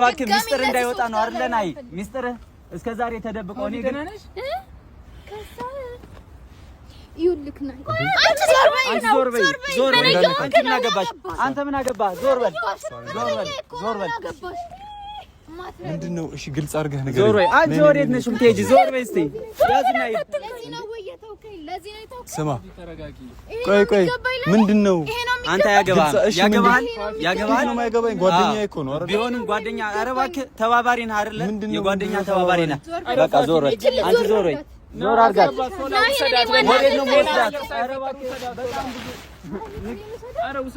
እባክህ ሚስጥር እንዳይወጣ ነው አይደል? ናይ ሚስጥር እስከ ዛሬ ተደብቆ እኔ ግን አንተ ምን አገባ? ዞር በል ዞር በል። ምንድን ነው? እሺ ግልጽ አድርገህ ነገር። አንቺ ወዴት ነሽ የምትሄጂ? ዞር በይ እስኪ ያዝና ስማ፣ ቆይ ቆይ፣ ምንድን ነው አንተ? ያገባሃል ያገባሃል ያገባሃል ነው እኮ ነው። ቢሆንም ጓደኛ ኧረ እባክህ ተባባሪ ነህ አይደለ? የጓደኛ ተባባሪ ነህ። በቃ ዞር በይ አንቺ፣ ዞር በይ ዞር አድርጋት። ወዴት ነው የምወስዳት? ኧረ እባክህ በጣም ብዙ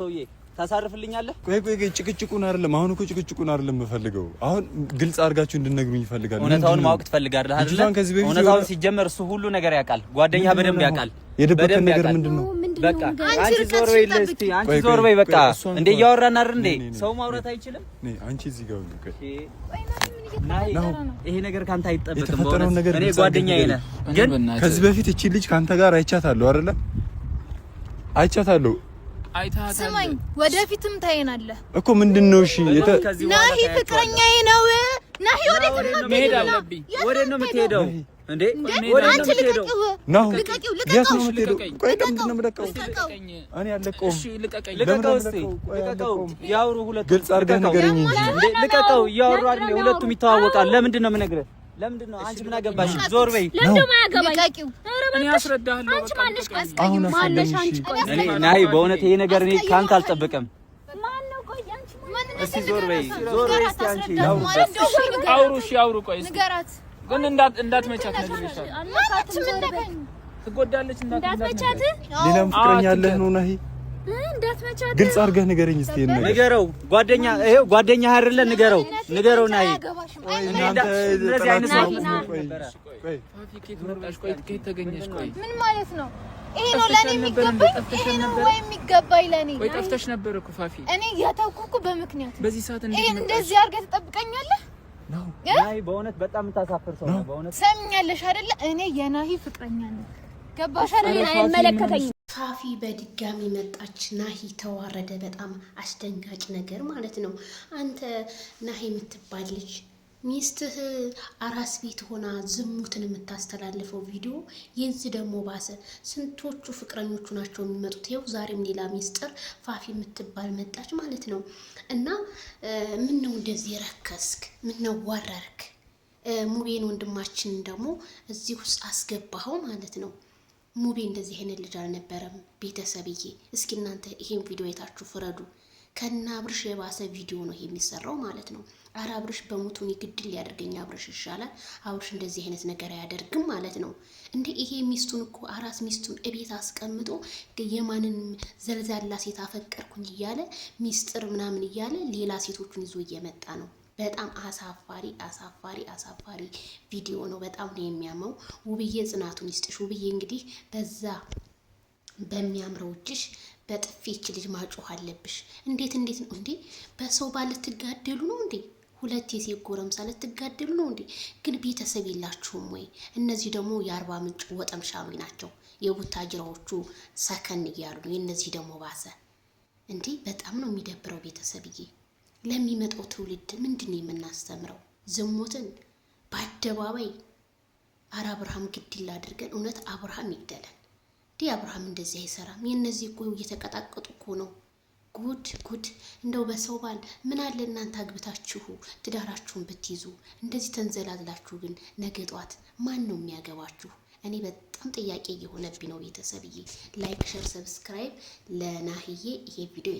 ሰውዬ ታሳርፍልኛለህ። ቆይ ቆይ ጭቅጭቁን አይደለም አሁን እኮ ጭቅጭቁን አይደለም የምፈልገው። አሁን ግልጽ አድርጋችሁ እንድነግሩኝ ይፈልጋል። እውነታውን ማወቅ ትፈልጋለህ አይደል? እውነታውን ሲጀመር እሱ ሁሉ ነገር ያውቃል፣ ጓደኛ በደንብ ያውቃል። የደበቀን ነገር ምንድን ነው? በቃ አንቺ ዞር በይ፣ አንቺ ዞር በይ። በቃ እንደ እያወራን አይደል? እንደ ሰው ማውራት አይችልም። ነይ አንቺ እዚህ ጋር ነው። ይሄ ነገር ካንተ አይጠበቅም። እኔ ጓደኛዬ ነህ፣ ግን ከዚህ በፊት እቺ ልጅ ካንተ ጋር አይቻታለሁ አይደለ? አይቻታለሁ ስማኝ፣ ወደፊትም ታይናለህ እኮ ምንድን ነው? እሺ ናሂ ፍቅረኛዬ ነው። ናሂ ወዴት ነው የምትሄደው? እንዴ አንቺ ልቀቂው፣ ልቀቂው፣ ልቀቂው፣ ልቀቂው፣ ልቀቀው፣ ያውሩ አይደል? ሁለቱም ይተዋወቃል። ለምንድን ነው የምነግርህ? ለምንድን ነው አንቺ ምን አገባሽ? ዞር በይ። ለምንድን ነው የማያገባኝ? ናይ በእውነት ይሄ ነገር እኔ ከአንተ አልጠብቅም። እስቲ ዞር በይ ዞር በይ እስቲ አንቺ አውሩ እሺ አውሩ ቆይ ግን እንዳትመቻት ትጎዳለች እንዳትመቻት ሌላም ፍቅረኛ አለህ ነው ናሂ ግልጽ አድርገህ ንገረኝ እስቲ። ንገረው ጓደኛ፣ ይሄው ጓደኛ አይደለ? ንገረው፣ ንገረው። ናይ ምን ማለት ነው? ይሄ ነው ለኔ የሚገባኝ፣ ይሄ ነው ወይ የሚገባኝ ወይ ጠፍተሽ ነበር እኮ ፋፊ። እኔ እኮ በምክንያት በዚህ ሰዓት እንደዚህ አድርገህ ትጠብቀኛለህ? ናይ በእውነት በጣም የምታሳፍር ሰው ነው። በእውነት ሰምኛለሽ አይደለ? እኔ የናሂ ፍቅረኛ ነኝ። ገባሽ አይደለ? አይመለከተኝም ሳፊ በድጋሚ መጣች። ናሂ ተዋረደ። በጣም አስደንጋጭ ነገር ማለት ነው። አንተ ናሂ የምትባል ልጅ ሚስትህ አራስ ቤት ሆና ዝሙትን የምታስተላልፈው ቪዲዮ የዚህ ደግሞ ባሰ። ስንቶቹ ፍቅረኞቹ ናቸው የሚመጡት? ይኸው ዛሬም ሌላ ሚስጥር ፋፊ የምትባል መጣች ማለት ነው። እና ምን ነው እንደዚህ ረከስክ? ምን ነው ዋረርክ? ሙቤን ወንድማችንን ደግሞ እዚህ ውስጥ አስገባኸው ማለት ነው። ሙቤ እንደዚህ አይነት ልጅ አልነበረም። ቤተሰብዬ እስኪ እናንተ ይሄን ቪዲዮ የታችሁ ፍረዱ። ከና አብርሽ የባሰ ቪዲዮ ነው የሚሰራው ማለት ነው። አረ አብርሽ በሞቱ ይግድል ያደርገኝ አብርሽ ይሻላል። አብርሽ እንደዚህ አይነት ነገር አያደርግም ማለት ነው። እንደ ይሄ ሚስቱን እኮ አራስ ሚስቱን እቤት አስቀምጦ የማንን ዘልዛላ ሴት አፈቀርኩኝ እያለ ሚስጥር ምናምን እያለ ሌላ ሴቶቹን ይዞ እየመጣ ነው። በጣም አሳፋሪ አሳፋሪ አሳፋሪ ቪዲዮ ነው። በጣም ነው የሚያመው። ውብዬ ጽናቱን ይስጥሽ። ውብዬ እንግዲህ በዛ በሚያምረው እጅሽ በጥፊ ይች ልጅ ማጮህ አለብሽ። እንዴት እንዴት ነው እንዴ? በሰው ባል ልትጋደሉ ነው እንዴ? ሁለት የሴት ጎረምሳ ልትጋደሉ ነው እንዴ? ግን ቤተሰብ የላችሁም ወይ? እነዚህ ደግሞ የአርባ ምንጭ ሻሚ ናቸው። ጅራዎቹ ሰከን እያሉ ነው። የእነዚህ ደግሞ ባሰ እንዴ! በጣም ነው የሚደብረው ቤተሰብዬ። ለሚመጣው ትውልድ ምንድን ነው የምናስተምረው? ዝሙትን በአደባባይ አረ አብርሃም ግድል አድርገን እውነት አብርሃም ይግደለን። እንዲህ አብርሃም እንደዚህ አይሰራም። የእነዚህ እኮ እየተቀጣቀጡ እኮ ነው። ጉድ ጉድ! እንደው በሰው ባል ምን አለ እናንተ አግብታችሁ ትዳራችሁን ብትይዙ። እንደዚህ ተንዘላዝላችሁ ግን ነገ ጠዋት ማን ነው የሚያገባችሁ? እኔ በጣም ጥያቄ እየሆነብኝ ነው ቤተሰብዬ። ላይክ፣ ሸር፣ ሰብስክራይብ ለናህዬ ይሄ ቪዲዮ